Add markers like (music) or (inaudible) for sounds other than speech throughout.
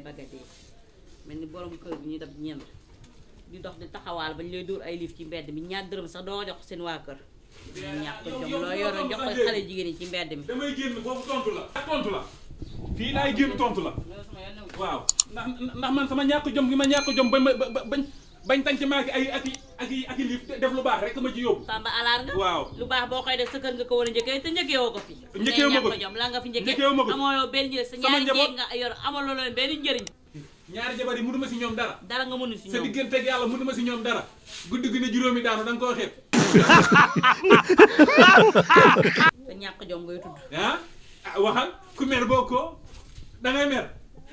ngay bëgg ma dee mel ni borom kër bi ñuy def ñent di dox di taxawaal bañ lay dóor ay liif ci mbedd mi ñaar dërëm sax doo jox seen waa kër ñàkk jom loo yor jox ko xale jigéen yi ci mbedd mi damay génn foofu tontu la tontu la fii laay génn tontu la waaw ndax man sama ñàkk jom gi ma ñàkk jom ba ba bañ bañ tànc maa ngi ay ak i ak i ak i liif def lu baax rek ma ci yóbbu. Samba alaar nga. waaw lu baax boo koy def sa kër nga ko war a njëkkee te njëkkee ko fi. njëkkee woo ma ko fi nga ma ko si ñoom dara. dara nga mënu si ñoom sa diggante ak yàlla mënuma si ñoom dara. guddi gi ne juróomi daanu da koo xeeb. te ñàkk jom ngay tudd. Ah? ah waxal ku mer boo ko da ngay mer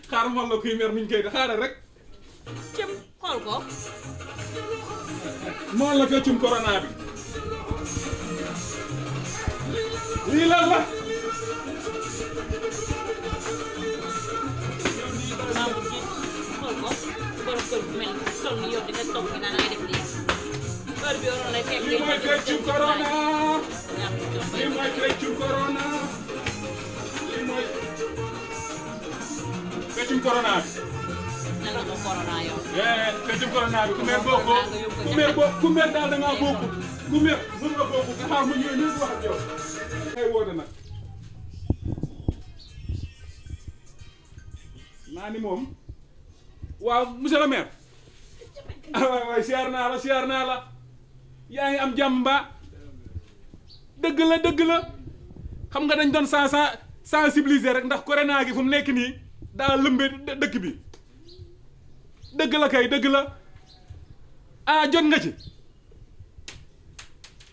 xaaral ma la kuy mer nuñ koy xaaral rek xool ko. noonu la feccum corona lii la la. borom kër corona yow. feccum moom waaw monsieur waay siyaar naa la siyaar naa la yaa ngi am jàmm mbaa dëgg la dëgg la xam nga dañ doon sen sensibiliser rek ndax naa gi fu mu nekk nii daa lëmbee dëkk bi. dëgg la kay dëgg la ah jot nga ci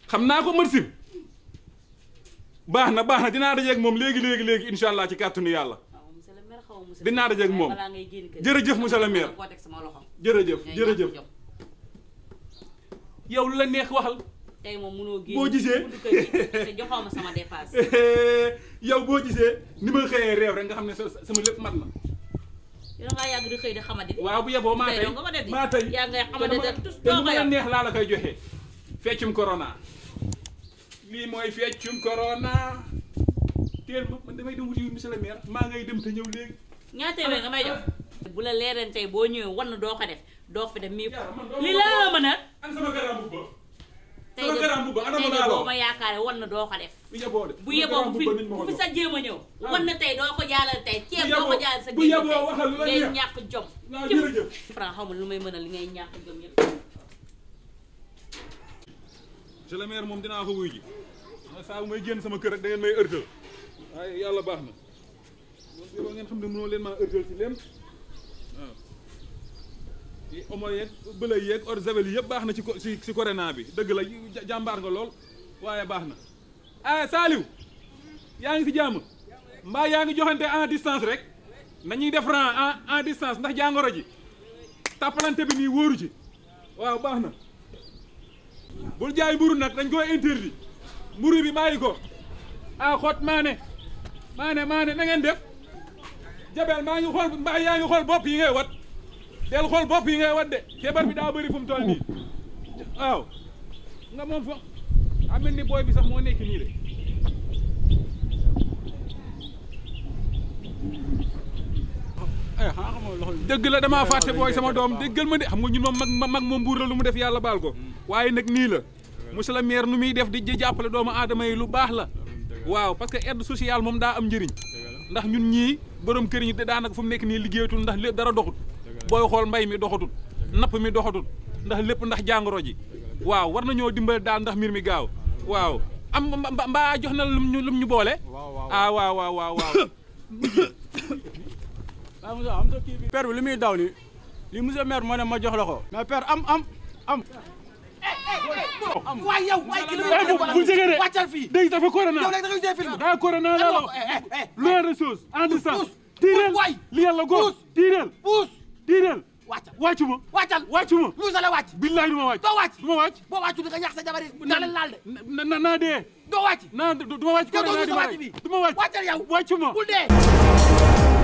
xam naa ko mërsim baax na baax na dinaa dajeeg moom léegi léegi léegi incha allah ci kàttanu yàlla dinaa dajeeg moom jërëjëf monsieur le maire jërëjëf jërëjëf yow lu la neex waxal. moom mënoo boo gisee te joxoo (laughs) yow boo gisee ni ma xëyee réew rek nga xam ne sama lépp mat na. dangaa yàgg di xëy di xamadi waaw bu yeboo maa tey maa tey yaa ngay xamadi te tus doo ko yor neex laa la koy joxe feccum corona lii mooy feccum corona teel ma man damay dem wuti monsieur le maire maa ngay dem te ñëw léegi ñaata yoon nga may jox bu la leereen tey boo ñëwee wan doo ko def doo fi dem mii li laa mën a tey de tey boo ma yaakaare wan na doo ko def. bu yeboo bu fi bu fi sa jéem a ñëw. Ah. wan na tey doo ko jaalal tey ceeb doo ko jaalal sa géej tey ngay ñàkk jom. Ah, franc ma lu may mën a li ngay ñàkk jom yëpp. moom dinaa ko wuy ji saa may génn sama kër rek da may ërtal waaye yàlla baax na loolu ngeen xam ne mënoo leen maa ërtal ci leen ah. omo yeeg bële yeeg eau de javel yëpp baax na ci ci ci corona bi dëgg la jàmbaar nga lool waaye baax na. ah Saliou yaa ngi si jàmm mbaa yaa ngi joxante en distance rek nañuy def rang en en distance ndax jàngoro ji tàppalante bi nii wóoru ci waaw baax na. bul jaay mburu nag dañ koy interdit mburu bi bàyyi ko ah xot maane maane maane na def jabel maa ngi xool mbaa yaa ngi xool bopp yi ngay wat. teel xool bopp yi ngay wat feebar bi daa bëri fu mu toll nii waaw nga bi sax moo nekk nii de eh, dëgg la dama fàtte booy sama doom dëggal ma de xam nga ñun moom mag mag moom buur la lu mu def yàlla baal ko mm. waaye nag nii la monsieur le maire nu muy def di jàppale doomu aadama yi lu baax la waaw parce que aide sociale moom daa am njëriñ ndax ñun ñii borom kër ñi daanaka fu mu nekk nii liggéeyatul ndax lépp dara doxut booy xool mbay mi doxatul napp mi doxatul ndax lépp ndax jàngoro ji waaw war nañoo dimbali daal ndax mbir mi gaaw waaw am mbaa jox na lum ñu lum boole ah waaw waaw waaw waaw daw ni li monsieur maire moo ne ma jox la ko mais père am am am waaye yow waaye kii eh, jege de wàccal fii dégg dafa corona yow léegi da ngay gisee film daa corona la wax loin diineel wàccal wàccu ma wàccal wàccu ma luusa la wàcc billaay du ma wàcc doo wàcc du ma wàcc boo wàccu di nga ñax sa jabar yi naa leen laal de na naa dee doo wàcc naa du ma wàcc du ma wàcc wàccal yow wàccu ma bul dee